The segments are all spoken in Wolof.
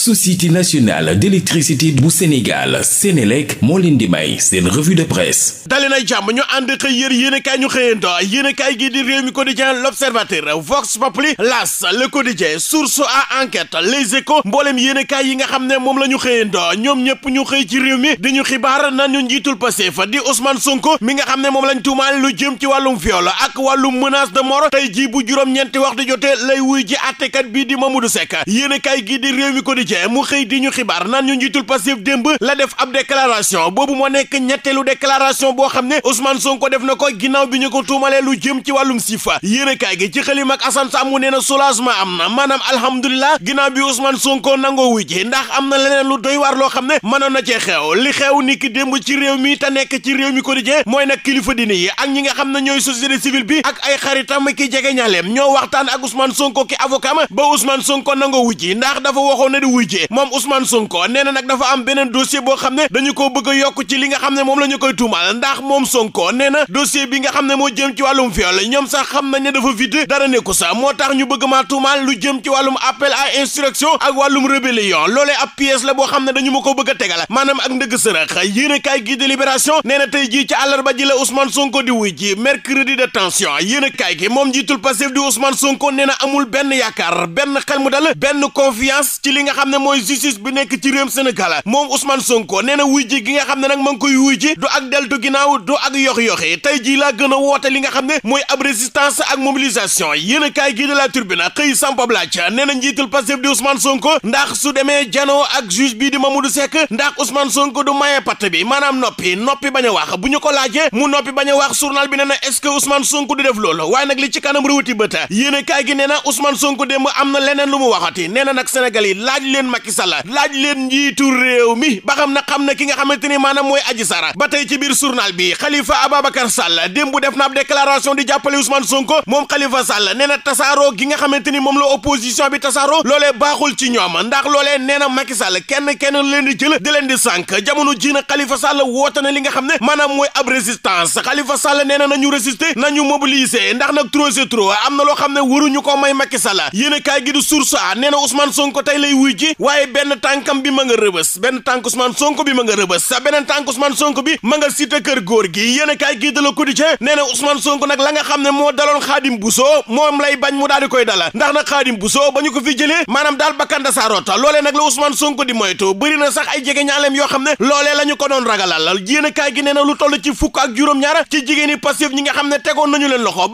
société nationale d'électricité bu Sénégal Sénélec moo leen di may seen revue de presse dali nay jàmm ñu ànd xëy yër yéenekaay ñu xëyanto yéenekaay gi di Rewmi Quotidien L'Observateur Vox Populi L'As Le Quotidien A Enquête Les Échos mbooleem yéenekaay yi nga xam ne moom la ñu xëyanto ñoom ñëpp ñu xëy ci réew mi di ñu xibaar nan ñu njiitul Pastef di Ousmane Sonko mi nga xam ne moom lañ tuumaal lu jëm ci wàllum viol ak wàllum menace de mort tey ji bu juróom-ñeenti waxtu jotee lay wuy ji àttekat bii di Mamadou Seck yéenekaay gi di Rewmi Quotidien quotidien mu xëy di ñu xibaar naan ñu njiitul Pastef démb la def ab déclaration boobu moo nekk ñetteelu déclaration boo xam ne Ousmane Sonko def na ko ginnaaw bi ñu ko tuumalee lu jëm ci wàllum sifa yéenekaay gi ci xëlim a Assane Samb nee na soulagement am na maanaam alhamdulilah ginnaaw bi Ousmane Sonko nangoo wujji ndax am na leneen lu doy waar loo xam ne mënoon na cee li xeew ni ki démb ci réew mi te nekk ci réew mi quotidien mooy nag kilifa dini yi ak ñi nga xam ne ñooy société civile bi ak ay xaritam ki jege ñaaleem ñoo waxtaan ak Ousmane Sonko ki avocat ba Ousmane Sonko nangoo wujji ndax dafa na di wuy ji moom Ousmane Sonko nee ma ko a tegal maanaam amul benn yaakaar benn xel mu dal benn confiance ci li nga xam xam mooy justice bi nekk ci réewum Sénégal moom Ousmane Sonko nee na wuy ji gi nga xam ne nag ma ngi koy wuy ji du ak deltu ginnaaw du ak yox-yoxi tey jii laa gën a woote li nga xam ne mooy ab résistance ak mobilisation yéen a kaay gii de la Tribune xëy sampablaaj nee na njiital Pastef di Ousmane Sonko ndax su demee janoo ak juge ma di Mamadou sekk ndax Ousmane Sonko du maye patt bi maanaam noppi noppi bañ a wax bu ñu ko laaje mu noppi bañ a wax journal bi nee na est-ce que Ousmane Sonko du def loolu kanam rawuti bëta yéen a kaay gi nee na Ousmane am na leneen lu mu waxati nee na nag Sénégal yi leen Macky Sall laaj leen njiitu réew mi ba xam na xam na ki nga xamante ni maanaam mooy Adji Sarr ba tey ci biir journal bi Khalifa Ababacar Sall démb def na ab déclaration di jàppale Ousmane Sonko moom Khalifa Sall nee na tasaaroo gi nga xamante moom la opposition bi tasaaroo loolee baaxul ci ñoom ndax loolee nee na Macky Sall kenn kenn leen di jël di leen di sànq jamono ji na Khalifa Sall woote na li nga xam ne maanaam mooy ab résistance Khalifa Sall nee na nañu résister nañu mobiliser ndax nag trop c'est na loo xam ne a kaay gi di source nee na Ousmane Sonko tey lay bi waaye benn tànk Ousmane Sonko bi ma nga rëbës sa kër góor gi yéen a kaay gii de la quotidien nee na Ousmane nag la nga xam ne moo daloon Xaadim Bousso moom lay bañ mu daal koy dala ndax nag Xaadim Bousso ba ñu ko fi jëlee maanaam daal bakkan da saa roota nag la Ousmane Sonko di moytu bëri sax ay jege ñaaleem yoo xam ne loolee la ko doon ragalal yéen a kaay gi nee na lu toll ci fukk ak juróom-ñaar ci jigéeni Pastef ñi nga xam ne tegoon nañu leen loxo a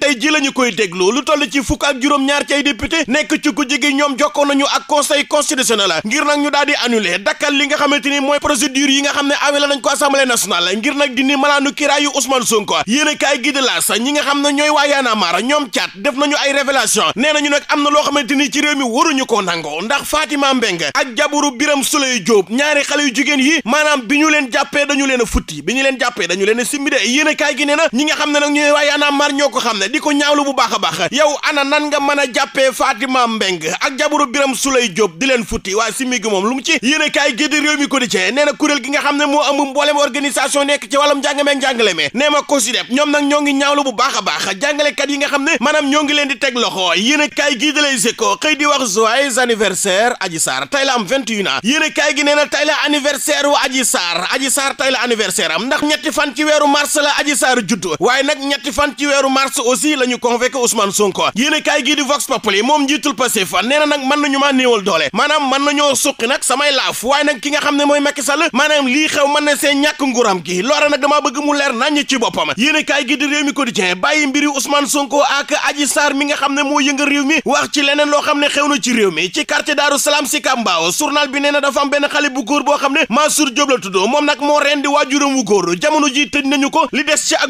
kaay gi ji la ñu koy déglu lu toll ci fukk ak juróom-ñaar ci ay député nekk ci kujje gi ñoom jokkoon nañu ak conseil constitutionnel ngir nag ñu daal di annulé dakkal li nga xamante ni mooy procédure yi nga xam ne awela nañ ko assemblée nationale ngir nag dindi malaanu kiraayu Ousmane Sonko yéen a kaay gi de ñi nga xam ne ñooy waa Y'en a marre ñoom caat def nañu ay révélation nee nañu nag am na loo xamante ni ci réew mi waruñu ko nango ndax Fatima Mbengue ak jaburu Biram Souleye Diop ñaari xale yu jigéen yi maanaam bi ñu leen jàppee dañu leen a ñu leen jàppee dañu leen a simbide yéen na ñi nga xam ne a marre ñoo ko xam ne di ko ñaawlu bu baax a baax yow ana nan nga mën a jàppee Fatima Mbeng ak jabaru Biram Sulay Jóob di leen futti waa simi gi moom lu mu ci yéene kaay gi di réew mi cee nee na kuréel gi nga xam ne moo am mboolem organisation nekk ci wàllum njàng meeg njàngale me nee ma ko si def ñoom nag ñoo ngi ñaawlu bu baax a baax jàngalekat yi nga xam ne maanaam ñoo ngi leen di teg loxo yéene kaay gi di lay seko xëy di wax joyeux anniversaire Adji Sarr tey la am 21 ans yéene kaay gi nee na tey la anniversaire wu Adji Sarr Adji Sarr tey am ndax ñetti fan ci weeru mars la Adji Sarr juddu waaye nag ñetti fan ci weeru mars aussi yi la ñu convoqué Ousmane Sonko yéen kaay gii di Vox Populi moom njiitul Pastef nee na nag mën nañu maa néewal doole maanaam mën nañoo suqi nag samay laaf waaye nag ki nga xam ne mooy Macky Sall maanaam lii xew mën na seen ñàkk nguuram gi loora nag damaa bëgg mu leer nañ ci boppam yéen kaay gii réew mi quotidien bàyyi mbiri Ousmane Sonko ak Adji Sarr mi nga xam ne moo yëngal réew mi wax ci leneen loo xam ne xew na ci réew mi ci quartier Daaru Salaam ko li des ci ak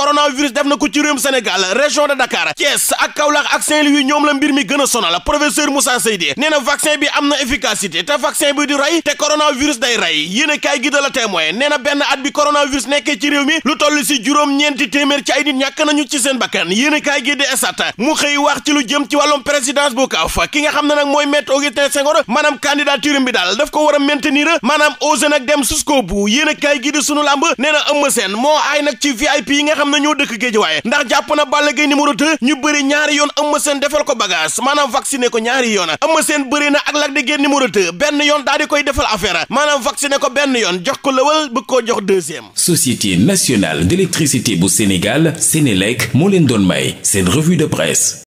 coronavirus def na ko ci réewum Sénégal région de Dakar Thiès ak Kaolack ak Saint-Louis ñoom la mbir mi gën a sonal professeur Moussa Seydi nee na vaccin bi am na efficacité te vaccin bi di rey te coronavirus day rey yéen a kaay gi la témoin nee na benn at bi coronavirus nekkee ci réew mi lu toll si juróom-ñeenti téeméer ci ay nit ñàkk nañu ci seen bakkan yéen a kaay gi di esat mu xëy wax ci lu jëm ci wàllum présidence bu kaaf ki nga xam ne nag mooy Maître Augustin Senghor maanaam candidature bi daal daf ko dem jusqu'au bout yéen gi di sunu làmb nee na ëmm seen moo aay nag ci xam na ne ñoo dëkk waaye ndax jàpp na Balla Gaye numéro 2 ñu bëri ñaari yoon Eumeu seen defal ko bagage maanaam vacciné ko ñaari yoon Eumeu Sène bëri na ak Lac de Guiers numéro 2 benn yoon daal di koy defal affaire maanaam vacciné ko benn yoon jox ko lëwal bëgg koo jox deuxième. Société nationale d'électricité bu Sénégal Sénélec moo leen doon may seen revue de presse.